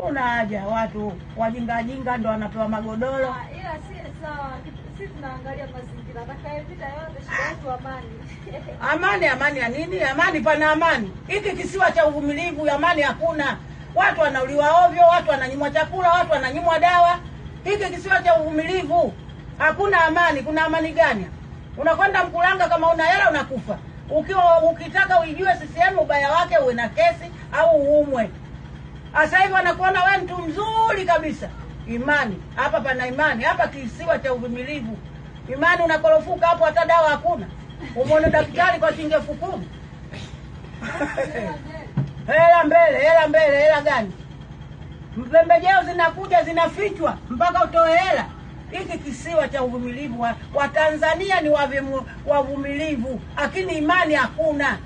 Kuna haja watu wajingajinga ndo wanapewa magodoro. Ah, ila si sawa, Sisi tunaangalia mazingira atakayepita yote, shida yetu amani. Amani, amani ya nini? Amani, pana amani. Hiki kisiwa cha uvumilivu, amani hakuna. Watu wanauliwa ovyo, watu wananyimwa chakula, watu wananyimwa dawa. Hiki kisiwa cha uvumilivu, hakuna amani. Kuna amani gani? Unakwenda Mkulanga, kama una hela unakufa. Ukiwa ukitaka uijue CCM ubaya wake, uwe na kesi au uumwe. Sasa hivi wanakuona wewe mtu mzuri kabisa. Imani hapa pana imani, hapa kisiwa cha uvumilivu. Imani unakorofuka hapo, hata dawa hakuna. Umwone daktari kwa shilingi elfu kumi. Hela mbele, hela mbele, hela gani? Pembejeo zinakuja zinafichwa mpaka utoe hela. Hiki kisiwa cha uvumilivu. Watanzania wa ni wavumilivu, lakini imani hakuna.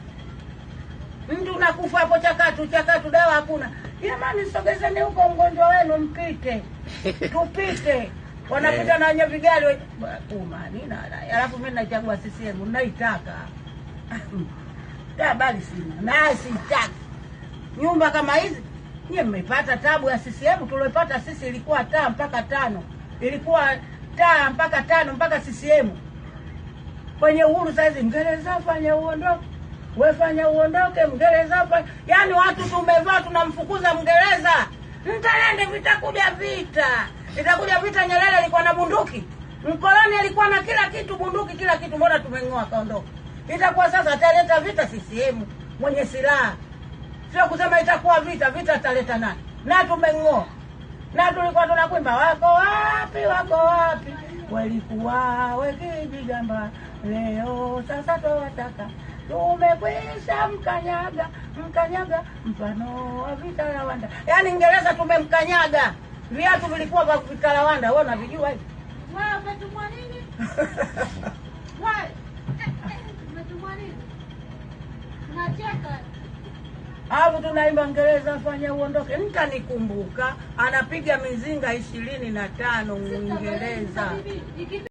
Mtu unakufa hapo chakatu chakatu, dawa hakuna jamani, sogezeni huko mgonjwa wenu mpite, tupite. Wanapita eh. na wenye vigali umanina, alafu mi naichagua CCM naitaka habari sina na sitaki nyumba kama hizi. Nyie mmepata tabu ya CCM, tuliopata sisi ilikuwa taa mpaka tano, ilikuwa taa mpaka tano mpaka CCM kwenye uhuru. hizi ngereza fanya uondoke wefanya uondoke Mgereza hapa. Yani watu tumevaa tunamfukuza Mgereza, mtalende vitakuja vita, itakuja vita. Nyerere alikuwa na bunduki, mkoloni alikuwa na kila kitu, bunduki, kila kitu, mbona tumeng'oa akaondoka? Itakuwa sasa ataleta vita CCM mwenye silaha, sio kusema itakuwa vita. Vita ataleta nani? Na tumeng'oa na tulikuwa tunakwimba wako wapi, wako wapi, walikuwa wekijigamba, leo sasa twawataka tumekwisha mkanyaga mkanyaga mfano wa wanda Yaani Ingereza tumemkanyaga, viatu vilikuwa vya vitarawanda, wewe unavijua hivi? umetumwa nini? umetumwa nini? Unacheka alafu tunaimba Ngereza fanya uondoke, mtanikumbuka. Anapiga mizinga ishirini na tano Mwingereza.